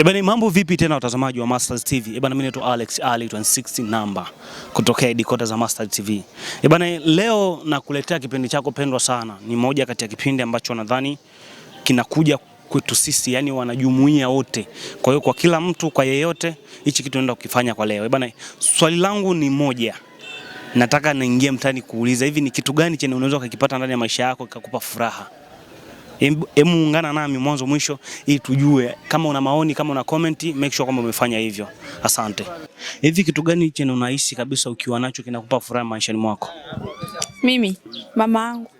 Ebana, mambo vipi tena watazamaji wa Mastaz TV? Ebana, mimi naitwa Alex Ali 160 number kutokea Dikota za Mastaz TV. Ebana, leo nakuletea kipindi chako pendwa sana. Ni moja kati ya kipindi ambacho nadhani kinakuja kwetu sisi, yani wanajumuia wote. Kwa hiyo kwa kila mtu, kwa yeyote, hichi kitu naenda kukifanya kwa leo. Ebana, swali langu ni moja. Nataka niingie mtaani kuuliza hivi ni kitu gani chenye unaweza kukipata ndani ya maisha yako kikakupa furaha? Hebu ungana nami mwanzo mwisho ili tujue. Kama una maoni, kama una comment, make sure kwamba umefanya hivyo. Asante. Hivi kitu gani chenye unahisi kabisa ukiwa nacho kinakupa furaha maishani mwako? Mimi mama yangu.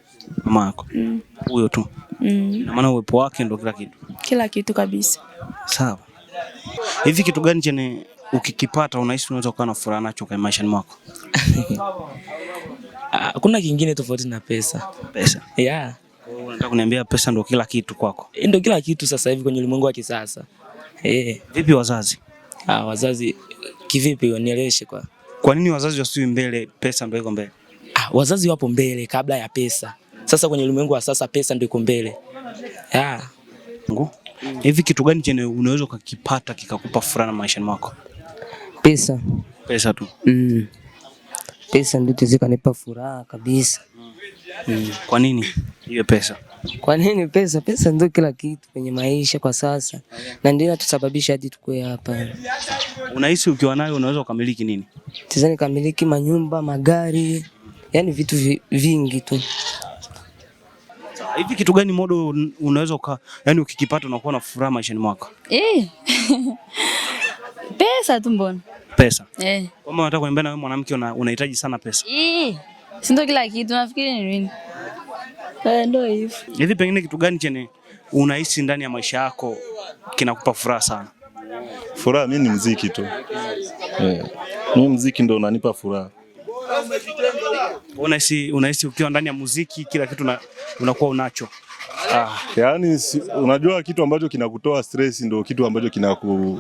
Mama yako mm. huyo mm. tu mm. na maana uwepo wake ndo kila kitu, kila kitu kabisa. Sawa. Hivi kitu gani chenye ukikipata unahisi unaweza kuwa na furaha nacho kwa maishani mwako? Ah, kuna kingine tofauti na pesa, pesa. Yeah unataka kuniambia pesa ndio kila kitu kwako? Eh, ndio kila kitu sasa hivi kwenye ulimwengu wa kisasa. Eh. Vipi wazazi? Ah, wazazi kivipi wanieleweshe kwa. Kwa nini wazazi wasiwe mbele pesa ndio iko mbele? Ah, wazazi wapo mbele kabla ya pesa. Sasa kwenye ulimwengu wa sasa pesa ndio iko mbele. Ah. Hivi kitu gani chenye unaweza ukakipata kikakupa furaha maisha yako? Pesa. Pesa tu. Mm. Pesa ndio nipa furaha kabisa. Mm. Kwa nini? Hiyo pesa. Kwa nini pesa? Pesa ndio kila kitu kwenye maisha kwa sasa, na ndio inatusababisha hadi tukue hapa. Unahisi ukiwa nayo unaweza ukamiliki nini? Tizani kamiliki manyumba, magari, yani vitu vi, vingi tu. Hivi kitu gani modo unaweza uka, yani ukikipata unakuwa na furaha maishani mwako? Eh. Pesa tu mbona? Pesa. Eh. Kama unataka kuniambia na wewe mwanamke unahitaji sana pesa. Eh. Si ndio kila kitu, nafikiri ni nini? Eh, ndio hivyo. Hivi pengine kitu gani chenye unahisi ndani ya maisha yako kinakupa furaha sana? Furaha mimi ni mziki tu. Eh. Mimi mziki ndio unanipa furaha. Unahisi unahisi ukiwa ndani ya muziki kila kitu na, unakuwa unacho. Ah, yaani si, unajua kitu ambacho kinakutoa stress ndio kitu ambacho kinaku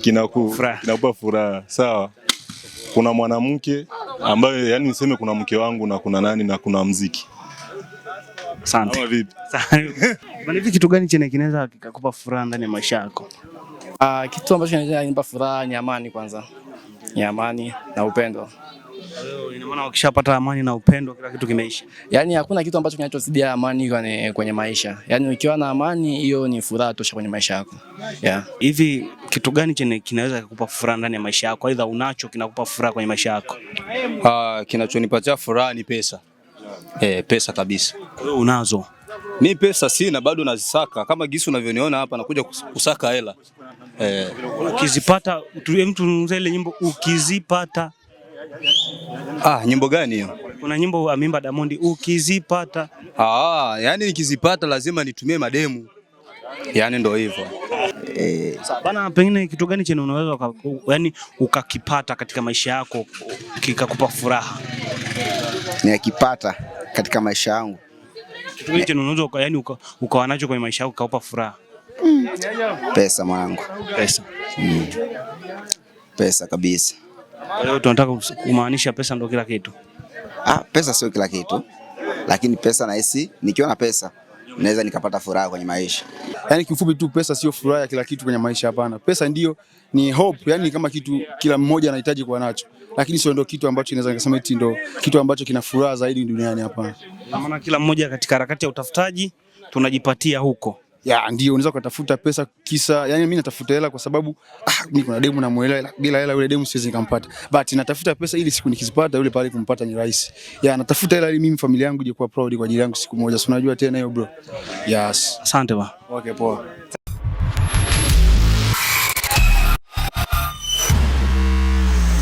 kinaku kinakupa furaha. Sawa. Kuna mwanamke ambaye yani niseme kuna mke wangu na kuna nani na kuna mziki. Asante. Vipi? Kitu gani chenye kinaweza kikakupa furaha ndani ya maisha yako? Uh, kitu ambacho kinaweza kunipa furaha ni amani kwanza. Ni amani na upendo. Ina maana ukishapata amani na upendo kila kitu kimeisha. Yaani hakuna kitu ambacho kinachozidia amani kwenye, kwenye maisha. Yaani ukiwa na amani hiyo ni furaha tosha kwenye maisha yako. Yeah. Hivi kitu gani chenye kinaweza kukupa furaha ndani ya maisha yako? Aidha unacho kinakupa furaha kwenye maisha yako? Uh, kinachonipatia furaha ni pesa e, pesa kabisa. Wewe unazo? Mi pesa sina, bado nazisaka kama gisi unavyoniona hapa, nakuja kusaka hela e. Ukizipata yaani tunuza ile nyimbo ukizipata. Ah, nyimbo gani hiyo? Kuna nyimbo amimba Diamond ukizipata. Ah, yani nikizipata lazima nitumie mademu, yani ndo hivyo eh. Bana, pengine kitu gani chenye unaweza yani ukakipata katika maisha yako kikakupa furaha? nikipata katika maisha yangu kitu kile unacho yani ukawa nacho kwenye maisha yako kaupa furaha. Mm. Pesa mwanangu, pesa. Mm. Pesa kabisa. Kwa hiyo tunataka kumaanisha pesa ndio kila kitu. Ah, pesa sio kila kitu, lakini pesa nahisi nikiwa na pesa naweza nikapata furaha kwenye maisha. Yaani kiufupi tu pesa sio furaha ya kila kitu kwenye maisha, hapana. Pesa ndio ni hope, yani kama kitu kila mmoja anahitaji kuwa nacho, lakini sio ndio kitu ambacho inaweza nikasema eti ndio kitu ambacho kina furaha zaidi duniani, hapana. Maana kila mmoja katika harakati ya utafutaji tunajipatia huko ya ndio unaweza kutafuta pesa kisa, yani mimi natafuta hela kwa sababu ah, mimi kuna demu namuelewa, bila hela yule demu siwezi nikampata, but natafuta pesa ili siku nikizipata yule pale kumpata ni rahisi. Ya natafuta hela ili mimi familia yangu ije kuwa proud kwa ajili yangu siku moja, si unajua tena hiyo bro. Yes, asante ba. Okay, poa.